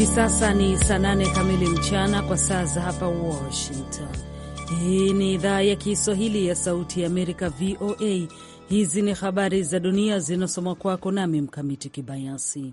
Hivi sasa ni saa nane kamili mchana kwa saa za hapa Washington. Hii ni idhaa ya Kiswahili ya Sauti ya Amerika, VOA. Hizi ni habari za dunia zinasoma kwako nami Mkamiti Kibayasi.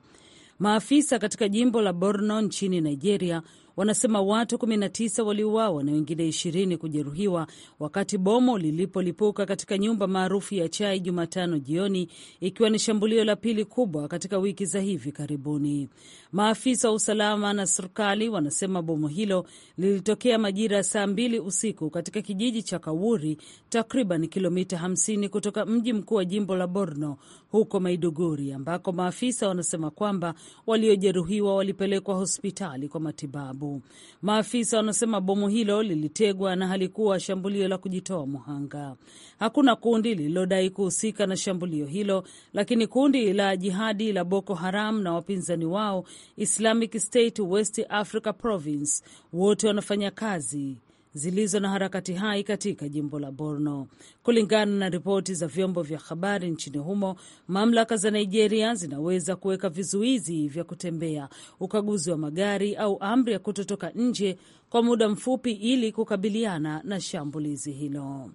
Maafisa katika jimbo la Borno nchini Nigeria wanasema watu 19 waliuawa na wengine 20 kujeruhiwa wakati bomo lilipolipuka katika nyumba maarufu ya chai Jumatano jioni, ikiwa ni shambulio la pili kubwa katika wiki za hivi karibuni. Maafisa wa usalama na serikali wanasema bomo hilo lilitokea majira ya saa mbili usiku katika kijiji cha Kawuri, takriban kilomita 50 kutoka mji mkuu wa jimbo la Borno huko Maiduguri, ambako maafisa wanasema kwamba waliojeruhiwa walipelekwa hospitali kwa matibabu karibu. Maafisa wanasema bomu hilo lilitegwa na halikuwa shambulio la kujitoa muhanga. Hakuna kundi lililodai kuhusika na shambulio hilo, lakini kundi la jihadi la Boko Haram na wapinzani wao Islamic State West Africa Province wote wanafanya kazi zilizo na harakati hai katika jimbo la Borno. Kulingana na ripoti za vyombo vya habari nchini humo, mamlaka za Nigeria zinaweza kuweka vizuizi vya kutembea, ukaguzi wa magari au amri ya kutotoka nje kwa muda mfupi ili kukabiliana na shambulizi hilo.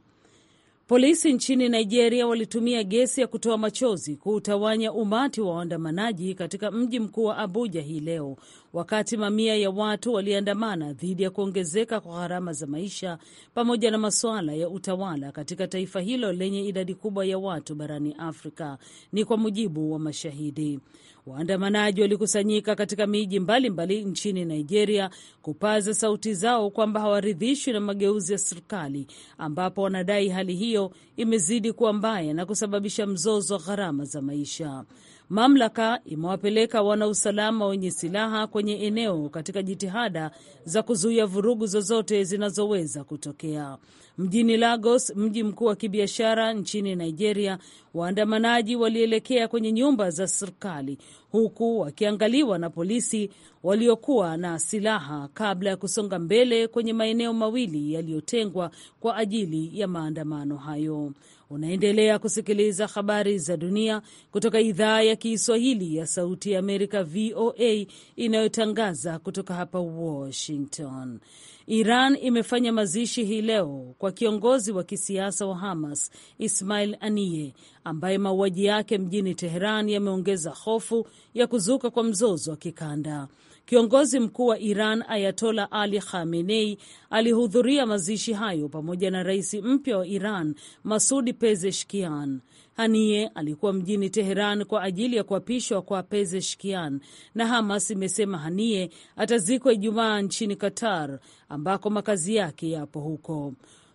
Polisi nchini Nigeria walitumia gesi ya kutoa machozi kuutawanya umati wa waandamanaji katika mji mkuu wa Abuja hii leo, wakati mamia ya watu waliandamana dhidi ya kuongezeka kwa gharama za maisha pamoja na masuala ya utawala katika taifa hilo lenye idadi kubwa ya watu barani Afrika, ni kwa mujibu wa mashahidi. Waandamanaji walikusanyika katika miji mbalimbali nchini Nigeria kupaza sauti zao kwamba hawaridhishwi na mageuzi ya serikali, ambapo wanadai hali hiyo imezidi kuwa mbaya na kusababisha mzozo wa gharama za maisha. Mamlaka imewapeleka wanausalama wenye silaha kwenye eneo katika jitihada za kuzuia vurugu zozote zinazoweza kutokea. Mjini Lagos, mji mkuu wa kibiashara nchini Nigeria, waandamanaji walielekea kwenye nyumba za serikali huku wakiangaliwa na polisi waliokuwa na silaha kabla ya kusonga mbele kwenye maeneo mawili yaliyotengwa kwa ajili ya maandamano hayo. Unaendelea kusikiliza habari za dunia kutoka idhaa ya Kiswahili ya Sauti ya Amerika, VOA, inayotangaza kutoka hapa Washington. Iran imefanya mazishi hii leo kwa kiongozi wa kisiasa wa Hamas Ismail anie ambaye mauaji yake mjini Teheran yameongeza hofu ya kuzuka kwa mzozo wa kikanda. Kiongozi mkuu wa Iran Ayatola Ali Khamenei alihudhuria mazishi hayo pamoja na rais mpya wa Iran Masudi Pezeshkian. Haniye alikuwa mjini Teheran kwa ajili ya kuapishwa kwa Pezeshkian, na Hamas imesema Haniye atazikwa Ijumaa nchini Qatar ambako makazi yake yapo huko.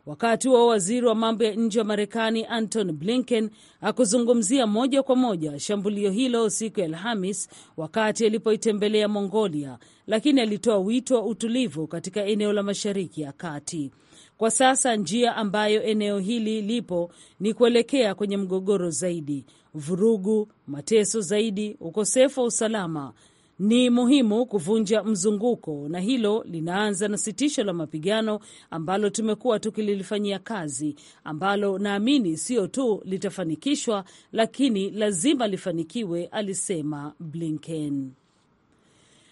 Wakati huo waziri wa mambo ya nje wa Marekani Antony Blinken akuzungumzia moja kwa moja shambulio hilo siku ya Alhamis wakati alipoitembelea Mongolia, lakini alitoa wito wa utulivu katika eneo la Mashariki ya Kati. Kwa sasa njia ambayo eneo hili lipo ni kuelekea kwenye mgogoro zaidi, vurugu, mateso zaidi, ukosefu wa usalama ni muhimu kuvunja mzunguko, na hilo linaanza na sitisho la mapigano ambalo tumekuwa tukililifanyia kazi, ambalo naamini sio tu litafanikishwa, lakini lazima lifanikiwe, alisema Blinken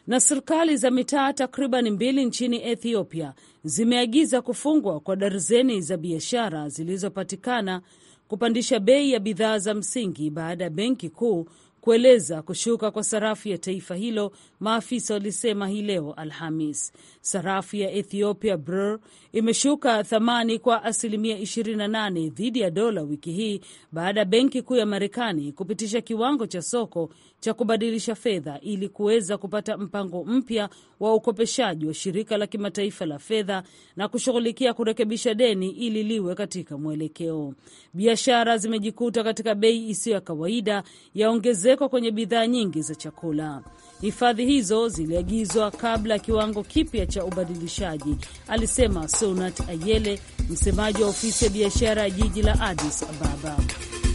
na serikali za mitaa takriban mbili nchini Ethiopia zimeagiza kufungwa kwa darzeni za biashara zilizopatikana kupandisha bei ya bidhaa za msingi baada ya benki kuu kueleza kushuka kwa sarafu ya taifa hilo, maafisa walisema hii leo Alhamis. Sarafu ya Ethiopia birr imeshuka thamani kwa asilimia 28 dhidi ya dola wiki hii baada ya benki kuu ya Marekani kupitisha kiwango cha soko cha kubadilisha fedha ili kuweza kupata mpango mpya wa ukopeshaji wa shirika la kimataifa la fedha na kushughulikia kurekebisha deni ili liwe katika mwelekeo. Biashara zimejikuta katika bei isiyo ya kawaida ya ongezeko kwenye bidhaa nyingi za chakula. Hifadhi hizo ziliagizwa kabla ya kiwango kipya cha ubadilishaji, alisema Sonat Ayele, msemaji wa ofisi ya biashara ya jiji la Addis Ababa.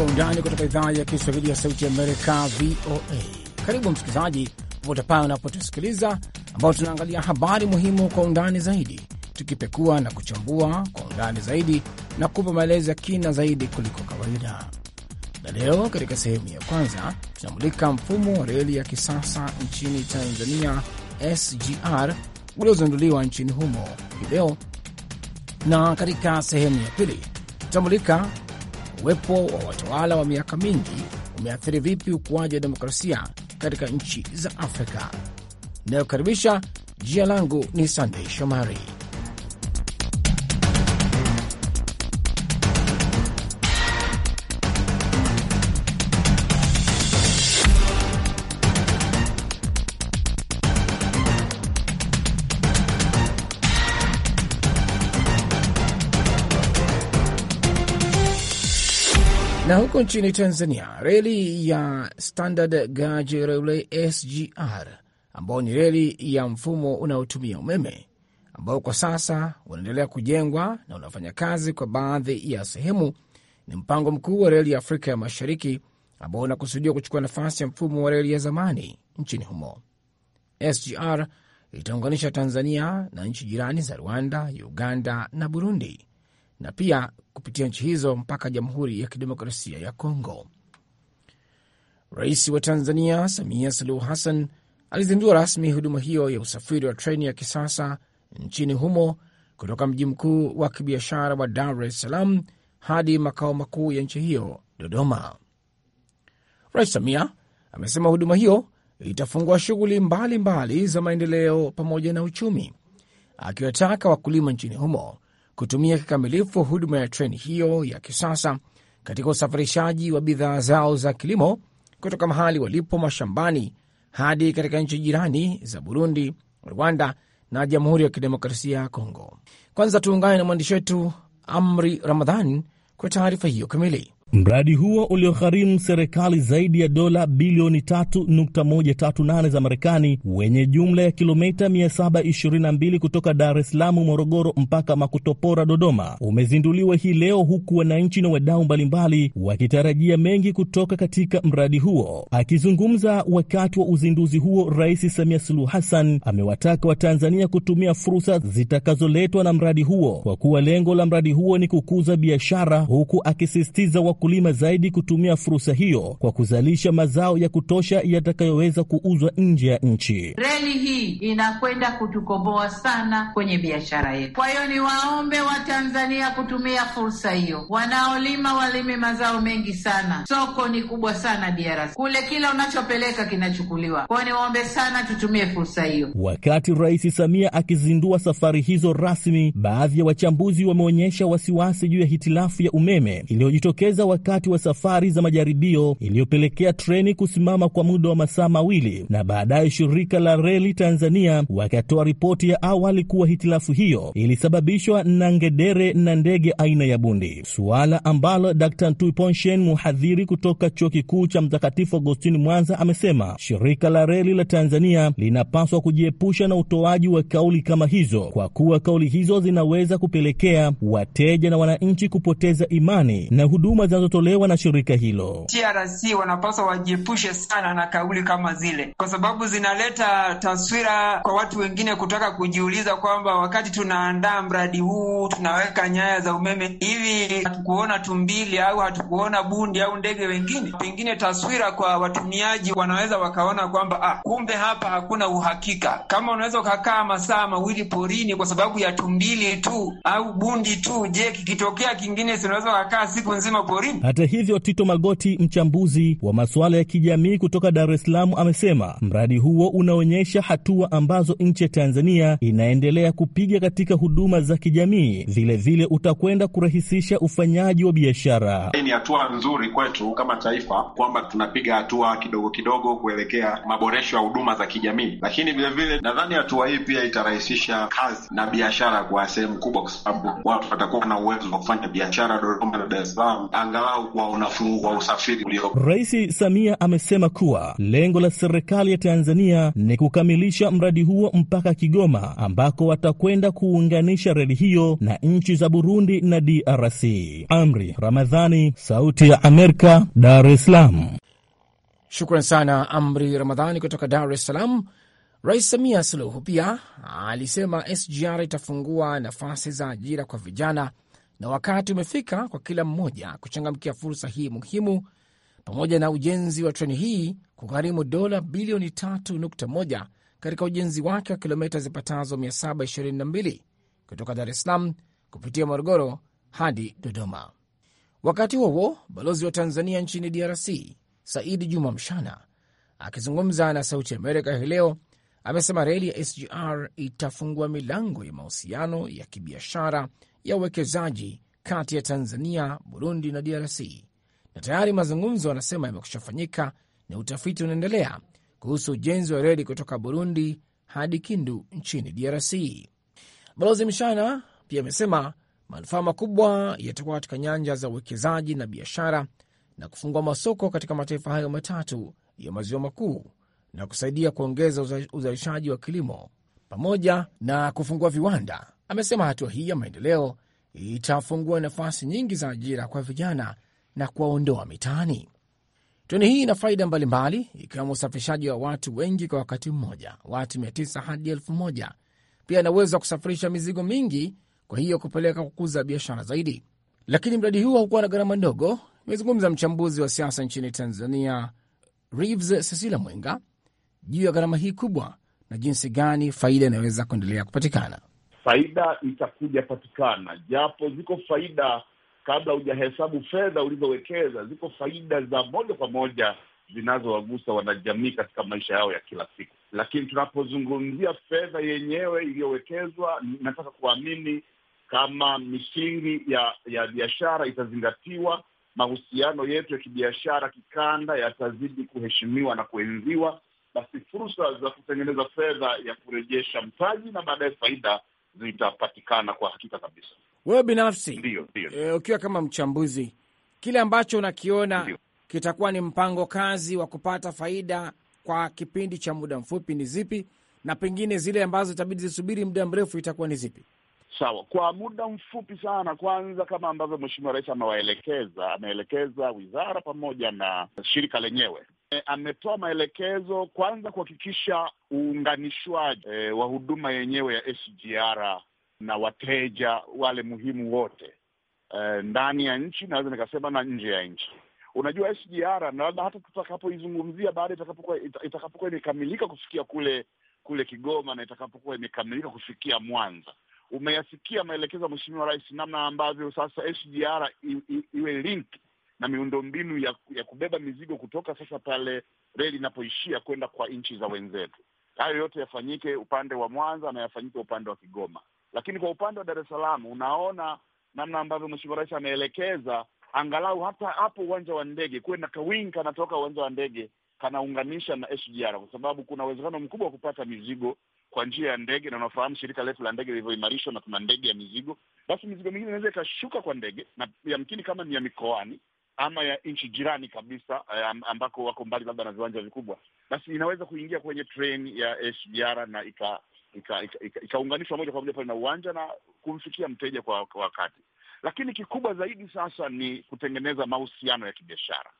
Kwa Undani kutoka idhaa ya Kiswahili ya Sauti Amerika, VOA. Karibu msikilizaji, popote pale unapotusikiliza, ambao tunaangalia habari muhimu kwa undani zaidi, tukipekua na kuchambua kwa undani zaidi na kupa maelezo ya kina zaidi kuliko kawaida. Na leo katika sehemu ya kwanza tunamulika mfumo wa reli ya kisasa nchini Tanzania, SGR, uliozinduliwa nchini humo hii leo, na katika sehemu ya pili tutamulika uwepo wa watawala wa miaka mingi umeathiri vipi ukuaji wa demokrasia katika nchi za Afrika. Inayokaribisha, jina langu ni Sandei Shomari. Na huko nchini Tanzania, reli ya Standard Gauge Railway SGR, ambayo ni reli ya mfumo unaotumia umeme ambao kwa sasa unaendelea kujengwa na unafanya kazi kwa baadhi ya sehemu, ni mpango mkuu wa reli ya Afrika ya Mashariki ambao unakusudiwa kuchukua nafasi ya mfumo wa reli ya zamani nchini humo. SGR itaunganisha Tanzania na nchi jirani za Rwanda, Uganda na Burundi na pia kupitia nchi hizo mpaka Jamhuri ya Kidemokrasia ya Kongo. Rais wa Tanzania Samia Suluhu Hassan alizindua rasmi huduma hiyo ya usafiri wa treni ya kisasa nchini humo kutoka mji mkuu wa kibiashara wa Dar es Salaam hadi makao makuu ya nchi hiyo Dodoma. Rais Samia amesema huduma hiyo itafungua shughuli mbalimbali za maendeleo pamoja na uchumi, akiwataka wakulima nchini humo kutumia kikamilifu huduma ya treni hiyo ya kisasa katika usafirishaji wa bidhaa zao za kilimo kutoka mahali walipo mashambani hadi katika nchi jirani za Burundi, Rwanda na Jamhuri ya Kidemokrasia ya Kongo. Kwanza tuungane na mwandishi wetu Amri Ramadhan kwa taarifa hiyo kamili. Mradi huo uliogharimu serikali zaidi ya dola bilioni 3.138 za Marekani wenye jumla ya kilomita 722 kutoka Dar es Salaam, Morogoro mpaka Makutopora, Dodoma umezinduliwa hii leo, huku wananchi na wadau mbalimbali wakitarajia mengi kutoka katika mradi huo. Akizungumza wakati wa uzinduzi huo, Rais Samia Suluhu Hassan amewataka Watanzania kutumia fursa zitakazoletwa na mradi huo, kwa kuwa lengo la mradi huo ni kukuza biashara, huku akisisitiza wakulima zaidi kutumia fursa hiyo kwa kuzalisha mazao ya kutosha yatakayoweza kuuzwa nje ya nchi. Reli hii inakwenda kutukomboa sana kwenye biashara yetu. Kwa hiyo niwaombe Watanzania kutumia fursa hiyo, wanaolima walime mazao mengi sana. Soko ni kubwa sana DRC, kule kila unachopeleka kinachukuliwa. kwao, niwaombe sana tutumie fursa hiyo. Wakati Rais Samia akizindua safari hizo rasmi, baadhi ya wachambuzi wameonyesha wasiwasi juu ya hitilafu ya umeme iliyojitokeza wakati wa safari za majaribio iliyopelekea treni kusimama kwa muda wa masaa mawili, na baadaye shirika la reli Tanzania wakatoa ripoti ya awali kuwa hitilafu hiyo ilisababishwa na ngedere na ndege aina ya bundi, suala ambalo Dr. Tuiponshen, mhadhiri kutoka chuo kikuu cha Mtakatifu Agostini Mwanza, amesema shirika la reli la Tanzania linapaswa kujiepusha na utoaji wa kauli kama hizo, kwa kuwa kauli hizo zinaweza kupelekea wateja na wananchi kupoteza imani na huduma za zinazotolewa na shirika hilo. TRC wanapaswa wajiepushe sana na kauli kama zile, kwa sababu zinaleta taswira kwa watu wengine kutaka kujiuliza kwamba wakati tunaandaa mradi huu, tunaweka nyaya za umeme, hivi hatukuona tumbili au hatukuona bundi au ndege wengine? Pengine taswira kwa watumiaji wanaweza wakaona kwamba ah, kumbe hapa hakuna uhakika. Kama unaweza ukakaa masaa mawili porini kwa sababu ya tumbili tu au bundi tu, je, kikitokea kingine sinaweza ukakaa siku nzima porini? Hata hivyo, Tito Magoti, mchambuzi wa masuala ya kijamii kutoka Dar es Salaam, amesema mradi huo unaonyesha hatua ambazo nchi ya Tanzania inaendelea kupiga katika huduma za kijamii, vilevile utakwenda kurahisisha ufanyaji wa biashara. Hii ni hatua nzuri kwetu kama taifa kwamba tunapiga hatua kidogo kidogo kuelekea maboresho ya huduma za kijamii, lakini vilevile nadhani hatua hii pia itarahisisha kazi na biashara kwa sehemu kubwa, kwa sababu watu watakuwa na uwezo wa kufanya biashara Dodoma na Dar es Salaam angalau kwa unafuu wa usafiri uliopo. Rais Samia amesema kuwa lengo la serikali ya Tanzania ni kukamilisha mradi huo mpaka Kigoma, ambako watakwenda kuunganisha reli hiyo na nchi za Burundi na DRC. Amri Ramadhani, Sauti ya Amerika, Dar es Salaam. Shukran sana Amri Ramadhani kutoka Dar es Salaam. Rais Samia Suluhu pia alisema SGR itafungua nafasi za ajira kwa vijana na wakati umefika kwa kila mmoja kuchangamkia fursa hii muhimu, pamoja na ujenzi wa treni hii kugharimu dola bilioni 3.1 katika ujenzi wake wa kilomita zipatazo 722 kutoka Dar es Salaam kupitia Morogoro hadi Dodoma. Wakati huo huo, balozi wa Tanzania nchini DRC Saidi Juma Mshana akizungumza na Sauti Amerika hii leo amesema reli ya SGR itafungua milango ya mahusiano ya kibiashara ya uwekezaji kati ya Tanzania, Burundi na DRC, na tayari mazungumzo anasema yamekusha fanyika na utafiti unaendelea kuhusu ujenzi wa reli kutoka Burundi hadi Kindu nchini DRC. Balozi Mshana pia amesema manufaa makubwa yatakuwa katika nyanja za uwekezaji na biashara na kufungua masoko katika mataifa hayo matatu ya maziwa makuu na kusaidia kuongeza uzalishaji wa kilimo pamoja na kufungua viwanda Amesema hatua hii ya maendeleo itafungua nafasi nyingi za ajira kwa vijana na kuwaondoa mitaani. Tuni hii ina faida mbalimbali, ikiwemo usafirishaji wa watu wengi kwa wakati mmoja, watu mia tisa hadi elfu moja. Pia inaweza kusafirisha mizigo mingi, kwa hiyo kupeleka kukuza biashara zaidi. Lakini mradi huu haukuwa na gharama ndogo. imezungumza mchambuzi wa siasa nchini Tanzania, Reeves Cecilia Mwenga, juu ya gharama hii kubwa na jinsi gani faida inaweza kuendelea kupatikana faida itakuja patikana, japo ziko faida kabla hujahesabu fedha ulizowekeza, ziko faida za moja kwa moja zinazowagusa wanajamii katika maisha yao ya kila siku. Lakini tunapozungumzia fedha yenyewe iliyowekezwa, nataka kuamini kama misingi ya ya biashara itazingatiwa, mahusiano yetu ya kibiashara kikanda yatazidi kuheshimiwa na kuenziwa, basi fursa za kutengeneza fedha ya kurejesha mtaji na baadaye faida zitapatikana kwa hakika kabisa. Wewe binafsi, ndio ndio, eh, ukiwa kama mchambuzi, kile ambacho unakiona kitakuwa ni mpango kazi wa kupata faida kwa kipindi cha muda mfupi ni zipi, na pengine zile ambazo itabidi zisubiri muda mrefu itakuwa ni zipi? Sawa, kwa muda mfupi sana, kwanza kama ambavyo Mheshimiwa Rais amewaelekeza, ameelekeza wizara pamoja na shirika lenyewe E, ametoa maelekezo kwanza kuhakikisha uunganishwaji e, wa huduma yenyewe ya SGR na wateja wale muhimu wote e, ndani ya nchi naweza nikasema na nje ya nchi. Unajua SGR na labda hata tutakapoizungumzia baada itakapokuwa itakapokuwa imekamilika kufikia kule kule Kigoma na itakapokuwa imekamilika kufikia Mwanza, umeyasikia maelekezo ya Mheshimiwa Rais namna ambavyo sasa SGR iwe link na miundombinu ya, ya kubeba mizigo kutoka sasa pale reli inapoishia kwenda kwa nchi za wenzetu. Hayo yote yafanyike upande wa Mwanza na yafanyike upande wa Kigoma, lakini kwa upande wa Dar es Salaam unaona namna ambavyo Mheshimiwa Rais ameelekeza angalau hata hapo uwanja wa ndege kuwe na kanatoka uwanja wa ndege kanaunganisha na SGR kwa sababu kuna uwezekano mkubwa wa kupata mizigo kwa njia ya ndege, na unafahamu shirika letu la ndege lilivyoimarishwa na tuna ndege ya mizigo, basi mizigo mingine inaweza ikashuka kwa ndege, na yamkini kama ni ya mikoani ama ya nchi jirani kabisa eh, ambako wako mbali labda na viwanja vikubwa, basi inaweza kuingia kwenye treni ya SGR na ika ikaunganishwa ika, ika, ika moja kwa moja pale na uwanja na kumfikia mteja kwa wakati. Lakini kikubwa zaidi sasa ni kutengeneza mahusiano ya kibiashara.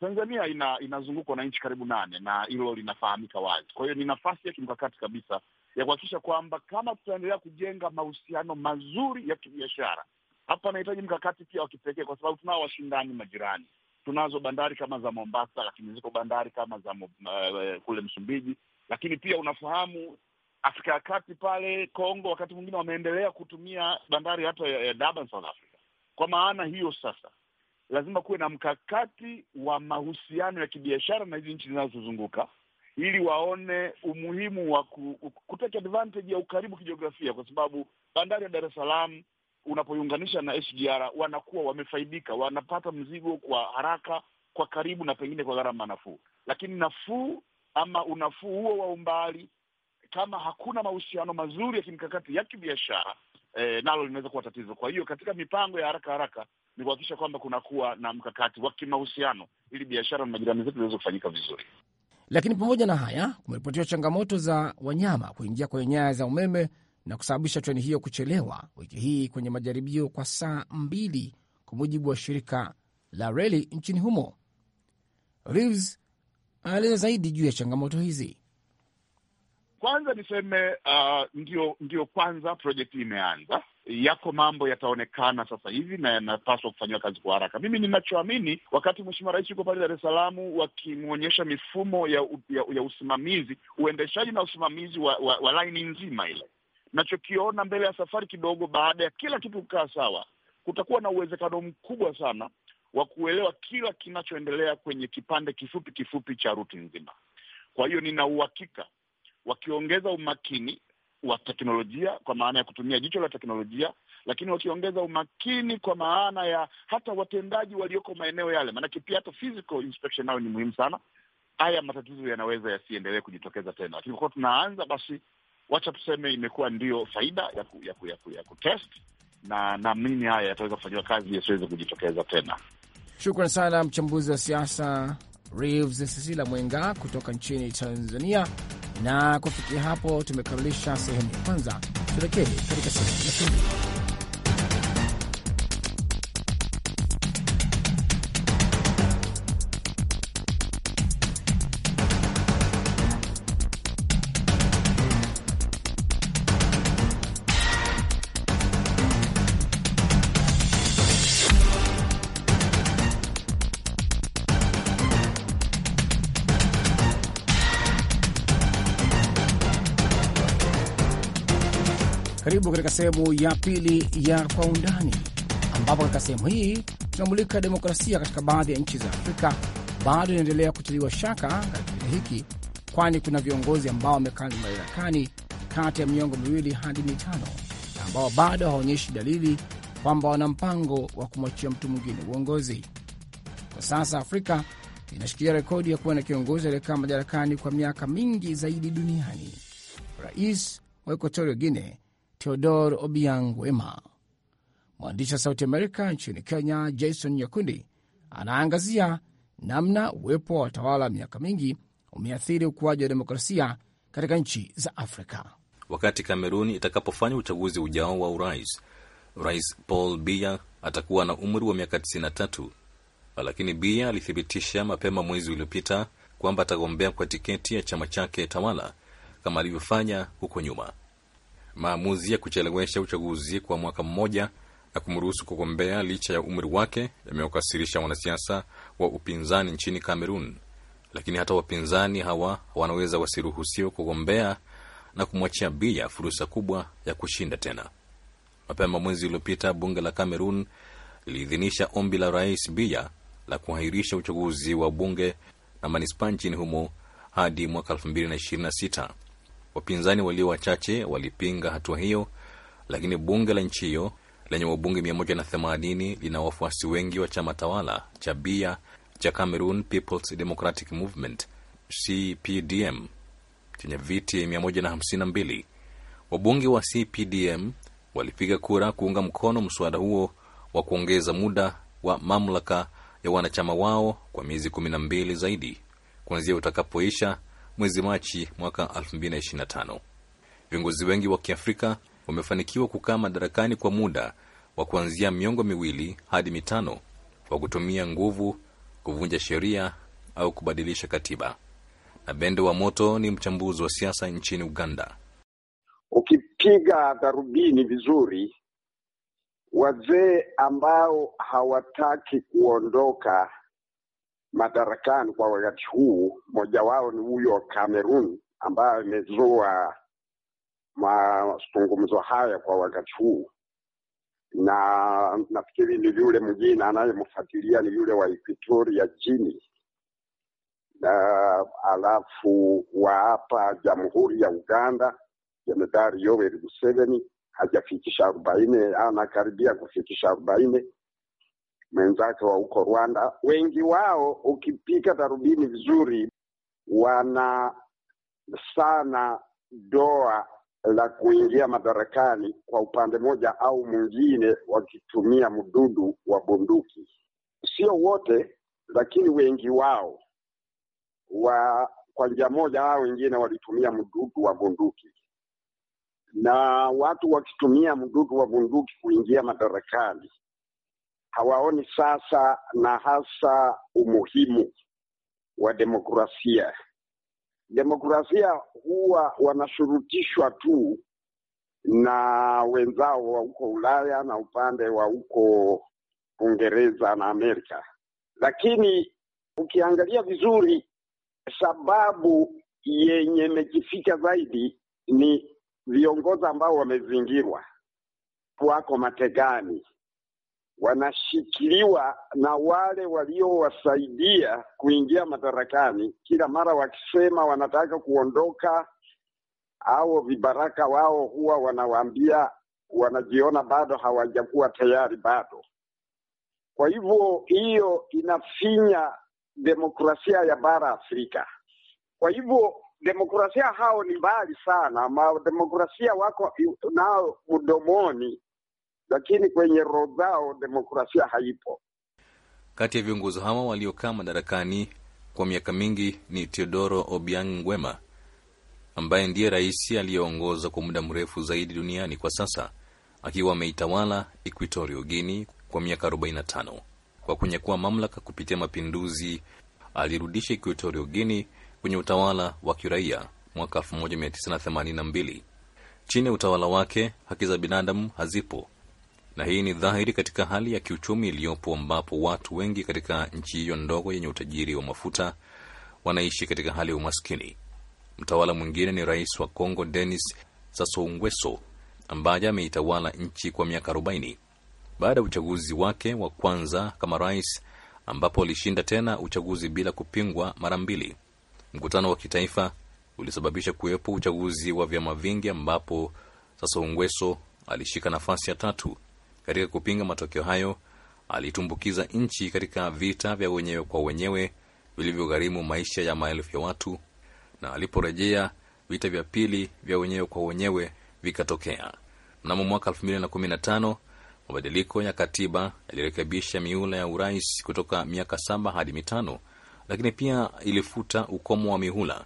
Tanzania ina, inazungukwa na nchi karibu nane na hilo linafahamika wazi. Kwa hiyo ni nafasi ya kimkakati kabisa ya kuhakikisha kwamba kama tutaendelea kujenga mahusiano mazuri ya kibiashara hapa anahitaji mkakati pia wa kipekee, kwa sababu tunao washindani majirani. Tunazo bandari kama za Mombasa, lakini ziko bandari kama za uh, kule Msumbiji, lakini pia unafahamu Afrika ya Kati pale Kongo, wakati mwingine wameendelea kutumia bandari hata ya Durban, South Africa. Kwa maana hiyo sasa lazima kuwe na mkakati wa mahusiano ya kibiashara na hizi nchi zinazozunguka ili waone umuhimu wa ku, ku, advantage ya ukaribu kijiografia, kwa sababu bandari ya Dar es Salaam unapoiunganisha na SGR wanakuwa wamefaidika, wanapata mzigo kwa haraka, kwa karibu na pengine kwa gharama nafuu. Lakini nafuu ama unafuu huo wa umbali, kama hakuna mahusiano mazuri ya kimkakati ya kibiashara E, nalo linaweza kuwa tatizo. Kwa hiyo katika mipango ya haraka haraka ni kuhakikisha kwamba kunakuwa na mkakati wa kimahusiano ili biashara na majirani zetu ziweze kufanyika vizuri. Lakini pamoja na haya, kumeripotiwa changamoto za wanyama kuingia kwenye nyaya za umeme na kusababisha treni hiyo kuchelewa wiki hii kwenye majaribio kwa saa mbili, kwa mujibu wa shirika la reli nchini humo. Reeves anaeleza zaidi juu ya changamoto hizi. Kwanza niseme uh, ndio, ndio kwanza projekti imeanza, yako mambo yataonekana sasa hivi na yanapaswa kufanyiwa kazi kwa haraka. Mimi ninachoamini, wakati Mheshimiwa Rais yuko pale Dar es Salaam, wakimwonyesha mifumo ya, ya, ya usimamizi, uendeshaji na usimamizi wa, wa, wa laini nzima ile nachokiona mbele ya safari kidogo, baada ya kila kitu kukaa sawa, kutakuwa na uwezekano mkubwa sana wa kuelewa kila kinachoendelea kwenye kipande kifupi kifupi cha ruti nzima. Kwa hiyo nina uhakika wakiongeza umakini wa teknolojia kwa maana ya kutumia jicho la teknolojia, lakini wakiongeza umakini kwa maana ya hata watendaji walioko maeneo yale, maanake pia hata physical inspection nayo ni muhimu sana. Haya matatizo yanaweza yasiendelee kujitokeza tena, lakini kwa tunaanza basi wacha tuseme imekuwa ndio faida ya, ku, ya, ku, ya, ku, ya kutest, na naamini haya yataweza kufanyiwa kazi yasiweze kujitokeza tena. Shukran sana mchambuzi wa siasa Reeves Sisila Mwenga kutoka nchini Tanzania. Na kufikia hapo tumekamilisha sehemu ya kwanza, tuelekee katika sehemu ya pili. Karibu katika sehemu ya pili ya kwa undani, ambapo katika sehemu hii tunamulika demokrasia katika baadhi ya nchi za Afrika bado inaendelea kutiliwa shaka katika kipindi hiki, kwani kuna viongozi ambao wamekaa madarakani kati ya miongo miwili hadi mitano ambao bado hawaonyeshi dalili kwamba wana mpango wa kumwachia mtu mwingine uongozi. Kwa sasa Afrika inashikilia rekodi ya kuwa na kiongozi aliyekaa madarakani kwa miaka mingi zaidi duniani. Rais wa Ekuatorio Guine Theodor Obiang Wema. Mwandishi wa Sauti Amerika nchini Kenya, Jason Nyakundi, anaangazia namna uwepo wa watawala miaka mingi umeathiri ukuaji wa demokrasia katika nchi za Afrika. Wakati Kameruni itakapofanya uchaguzi ujao wa urais, Rais Paul Biya atakuwa na umri wa miaka 93, lakini Biya alithibitisha mapema mwezi uliopita kwamba atagombea kwa tiketi ya chama chake tawala kama alivyofanya huko nyuma maamuzi ya kuchelewesha uchaguzi kwa mwaka mmoja na kumruhusu kugombea licha ya umri wake yamewakasirisha wanasiasa wa upinzani nchini Kamerun, lakini hata wapinzani hawa wanaweza wasiruhusiwe kugombea na kumwachia Biya fursa kubwa ya kushinda tena. Mapema mwezi uliopita, bunge la Kamerun liliidhinisha ombi la Rais Biya la kuahirisha uchaguzi wa bunge na manispaa nchini humo hadi mwaka 2026. Wapinzani walio wachache walipinga hatua hiyo, lakini bunge la nchi hiyo lenye wabunge 180 lina wafuasi wengi wa chama tawala cha bia cha Cameroon People's Democratic Movement CPDM chenye viti 152. Wabunge wa CPDM walipiga kura kuunga mkono mswada huo wa kuongeza muda wa mamlaka ya wanachama wao kwa miezi 12 zaidi kuanzia utakapoisha mwezi Machi mwaka 2025. Viongozi wengi wa Kiafrika wamefanikiwa kukaa madarakani kwa muda wa kuanzia miongo miwili hadi mitano kwa kutumia nguvu, kuvunja sheria au kubadilisha katiba. Na bende wa Moto ni mchambuzi wa siasa nchini Uganda. Ukipiga darubini vizuri, wazee ambao hawataki kuondoka madarakani kwa wakati huu, mmoja wao ni huyo Cameroon ambayo imezua mazungumzo haya kwa wakati huu, na nafikiri ni yule mwingine anayemfuatilia ni yule wa Equatoria Jini na alafu wa hapa Jamhuri ya Uganda Jemedari Yoweri Museveni hajafikisha arobaini, anakaribia kufikisha arobaini mwenzake wa huko Rwanda. Wengi wao ukipiga darubini vizuri, wana sana doa la kuingia madarakani kwa upande mmoja au mwingine, wakitumia mdudu wa bunduki. Sio wote, lakini wengi wao wa kwa njia moja au wengine walitumia mdudu wa bunduki, na watu wakitumia mdudu wa bunduki kuingia madarakani hawaoni sasa na hasa umuhimu wa demokrasia. Demokrasia huwa wanashurutishwa tu na wenzao wa huko Ulaya na upande wa huko Uingereza na Amerika, lakini ukiangalia vizuri, sababu yenye imejifika zaidi ni viongozi ambao wamezingirwa, wako mategani wanashikiliwa na wale waliowasaidia kuingia madarakani, kila mara wakisema wanataka kuondoka au vibaraka wao huwa wanawaambia wanajiona bado hawajakuwa tayari bado. Kwa hivyo hiyo inafinya demokrasia ya bara Afrika. Kwa hivyo demokrasia hao ni mbali sana, ma demokrasia wako nao mdomoni lakini kwenye roho zao demokrasia haipo. Kati ya viongozi hawa waliokaa madarakani kwa miaka mingi ni Teodoro Obiang Nguema ambaye ndiye rais aliyeongoza kwa muda mrefu zaidi duniani kwa sasa, akiwa ameitawala Equatorio Guini kwa miaka 45. Kwa kunyakua mamlaka kupitia mapinduzi, alirudisha equitorio Guini kwenye utawala wa kiraia mwaka 1982. Chini ya utawala wake haki za binadamu hazipo na hii ni dhahiri katika hali ya kiuchumi iliyopo ambapo watu wengi katika nchi hiyo ndogo yenye utajiri wa mafuta wanaishi katika hali ya umaskini. Mtawala mwingine ni rais wa Kongo Denis Sassou Nguesso ambaye ameitawala nchi kwa miaka 40 baada ya uchaguzi wake wa kwanza kama rais, ambapo alishinda tena uchaguzi bila kupingwa mara mbili. Mkutano wa kitaifa ulisababisha kuwepo uchaguzi wa vyama vingi, ambapo Sassou Nguesso alishika nafasi ya tatu katika kupinga matokeo hayo, alitumbukiza nchi katika vita vya wenyewe kwa wenyewe vilivyogharimu maisha ya maelfu ya watu, na aliporejea vita vya pili vya wenyewe kwa wenyewe vikatokea. Mnamo mwaka 2015 mabadiliko ya katiba yalirekebisha miula ya urais kutoka miaka saba hadi mitano, lakini pia ilifuta ukomo wa mihula.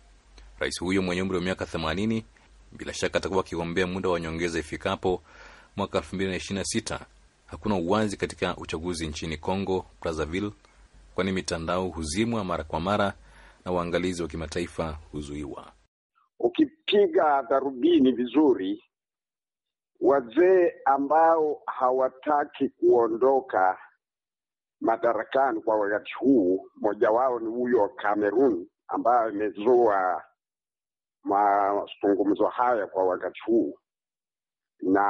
Rais huyo mwenye umri wa miaka 80 bila shaka atakuwa akigombea muda wa nyongeza ifikapo mwaka 2026 hakuna uwazi katika uchaguzi nchini Congo Brazzaville, kwani mitandao huzimwa mara kwa mara na waangalizi wa kimataifa huzuiwa. Ukipiga darubini vizuri, wazee ambao hawataki kuondoka madarakani kwa wakati huu, mmoja wao ni huyo Kamerun ambayo imezua mazungumzo haya kwa wakati huu na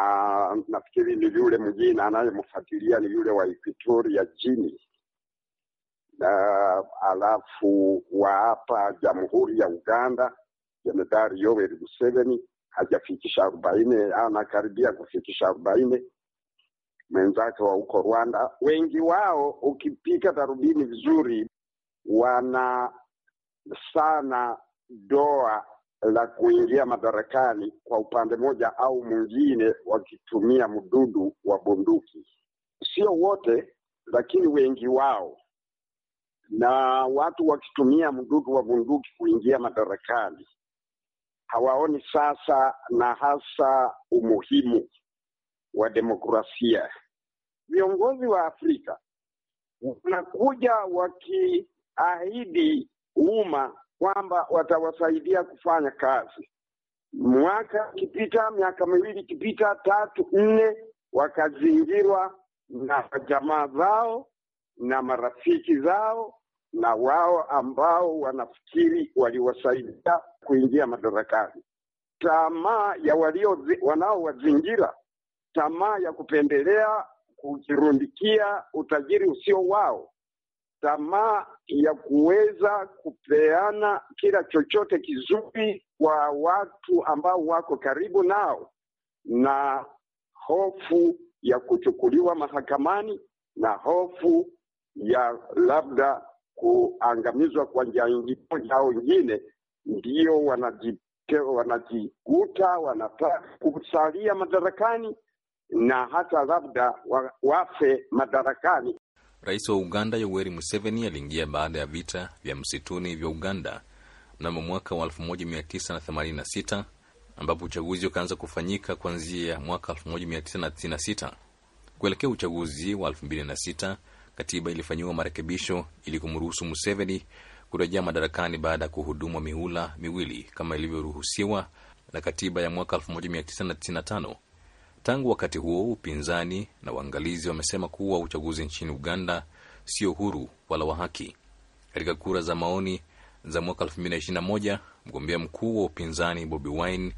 nafikiri ni yule mwingine anayemfuatilia ni yule wa Equatoria jini na alafu wa hapa Jamhuri ya Uganda Jenerali Yoweri Museveni hajafikisha arobaini, anakaribia kufikisha arobaini. Mwenzake wa huko Rwanda, wengi wao ukipika darubini vizuri, wana sana doa la kuingia madarakani kwa upande mmoja au mwingine, wakitumia mdudu wa bunduki. Sio wote, lakini wengi wao, na watu wakitumia mdudu wa bunduki kuingia madarakani hawaoni sasa na hasa umuhimu wa demokrasia. Viongozi wa Afrika wanakuja wakiahidi umma kwamba watawasaidia kufanya kazi. Mwaka ikipita, miaka miwili ikipita, tatu, nne, wakazingirwa na jamaa zao na marafiki zao na wao ambao wanafikiri waliwasaidia kuingia madarakani. Tamaa ya walio wanaowazingira, tamaa ya kupendelea kujirundikia utajiri usio wao, tamaa ya kuweza kupeana kila chochote kizuri kwa watu ambao wako karibu nao, na hofu ya kuchukuliwa mahakamani, na hofu ya labda kuangamizwa kwa njia moja au nyingine, ndio wanajikuta wanataka kusalia madarakani na hata labda wafe madarakani Rais wa Uganda Yoweri Museveni aliingia baada ya vita vya msituni vya Uganda mnamo mwaka wa 1986 ambapo uchaguzi ukaanza kufanyika kuanzia mwaka 1996 kuelekea uchaguzi wa 2006. Katiba ilifanyiwa marekebisho ili kumruhusu Museveni kurejea madarakani baada ya kuhudumwa mihula miwili kama ilivyoruhusiwa na katiba ya mwaka 1995. Tangu wakati huo, upinzani na waangalizi wamesema kuwa uchaguzi nchini Uganda sio huru wala wa haki. Katika kura za maoni za mwaka 2021 mgombea mkuu wa upinzani Bobi Wine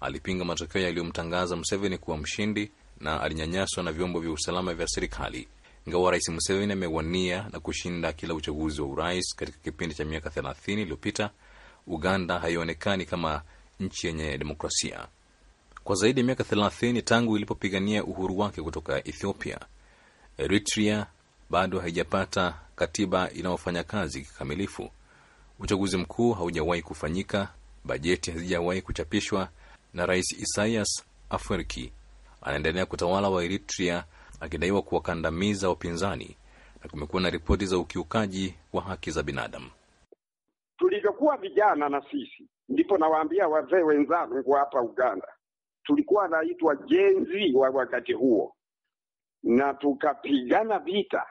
alipinga matokeo yaliyomtangaza Museveni kuwa mshindi na alinyanyaswa na vyombo vya usalama vya serikali. Ingawa Rais Museveni amewania na kushinda kila uchaguzi wa urais katika kipindi cha miaka 30 iliyopita, Uganda haionekani kama nchi yenye demokrasia kwa zaidi ya miaka thelathini tangu ilipopigania uhuru wake kutoka Ethiopia. Eritrea bado haijapata katiba inayofanya kazi kikamilifu. Uchaguzi mkuu haujawahi kufanyika, bajeti hazijawahi kuchapishwa, na Rais Isaias Afwerki anaendelea kutawala wa Eritrea akidaiwa kuwakandamiza wapinzani, na kumekuwa na ripoti za ukiukaji wa haki za binadamu. Tulivyokuwa vijana na sisi ndipo nawaambia wazee wenzangu hapa Uganda tulikuwa naitwa jenzi wa wakati huo, na tukapigana vita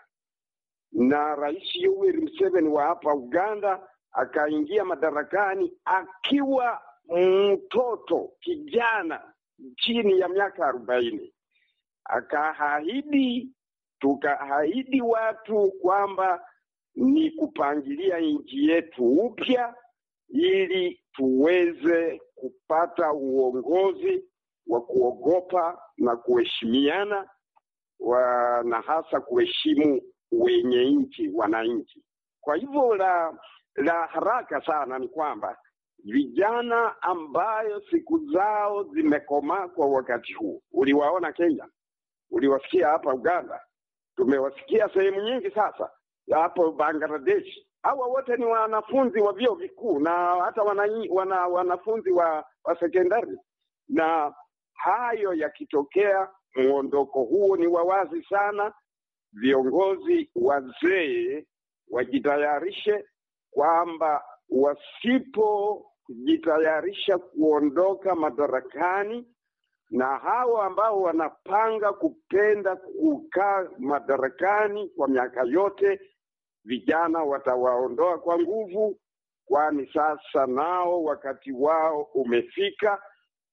na Rais Yoweri Museveni wa hapa Uganda akaingia madarakani akiwa mtoto kijana chini ya miaka arobaini. Akaahidi, tukaahidi watu kwamba ni kupangilia nchi yetu upya ili tuweze kupata uongozi wa kuogopa na kuheshimiana wa, na hasa kuheshimu wenye nchi, wananchi. Kwa hivyo la, la haraka sana ni kwamba vijana ambayo siku zao zimekomaa kwa wakati huu, uliwaona Kenya, uliwasikia hapa Uganda, tumewasikia sehemu nyingi sasa hapo Bangladesh. Hawa wote ni wanafunzi wa vyuo vikuu na hata wana, wana, wanafunzi wa, wa sekondari na Hayo yakitokea, muondoko huo ni wa wazi sana. Viongozi wazee wajitayarishe kwamba wasipojitayarisha kuondoka madarakani, na hao ambao wanapanga kupenda kukaa madarakani kwa miaka yote, vijana watawaondoa kwa nguvu, kwani sasa nao wakati wao umefika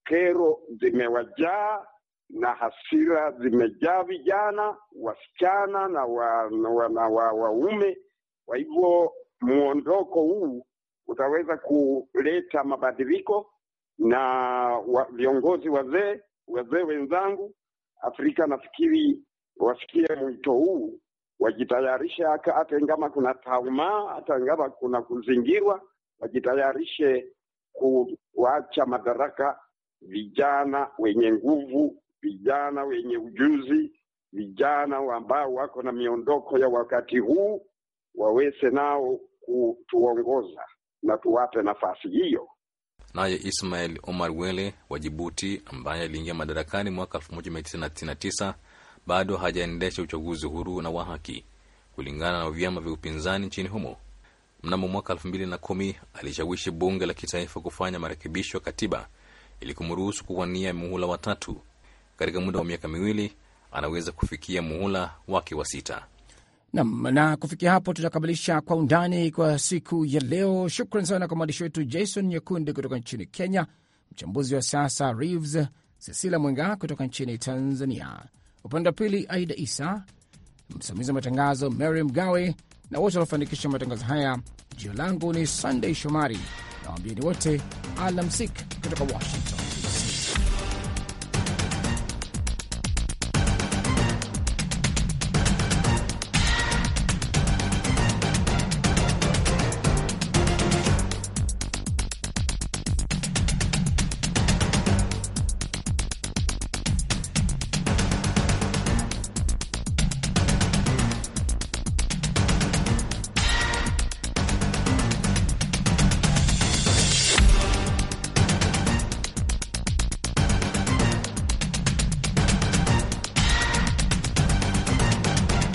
kero zimewajaa na hasira zimejaa vijana, wasichana na waume wa, kwa hivyo mwondoko huu utaweza kuleta mabadiliko na wa, viongozi wazee wazee wenzangu Afrika nafikiri wasikie mwito huu, wajitayarishe, hata ingama kuna taumaa, hata ingama kuna kuzingirwa, wajitayarishe kuacha madaraka vijana wenye nguvu, vijana wenye ujuzi, vijana ambao wako na miondoko ya wakati huu waweze nao kutuongoza na tuwape nafasi hiyo. Naye Ismail Omar Wele wa Jibuti, ambaye aliingia madarakani mwaka 1999 bado hajaendesha uchaguzi huru na wa haki kulingana na vyama vya upinzani nchini humo. Mnamo mwaka 2010 alishawishi bunge la kitaifa kufanya marekebisho ya katiba ili kumruhusu kuwania muhula wa tatu. Katika muda wa miaka miwili anaweza kufikia muhula wake wa sita. Nam, na kufikia hapo tunakamilisha Kwa Undani kwa siku ya leo. Shukran sana kwa mwandishi wetu Jason Nyakundi kutoka nchini Kenya, mchambuzi wa siasa Reeves Cecilia Mwenga kutoka nchini Tanzania, upande wa pili Aida Isa, msimamizi wa matangazo Mary Mgawe na wote waliofanikisha matangazo haya. Jina langu ni Sunday Shomari. Nawambieni wote alamsik kutoka Washington.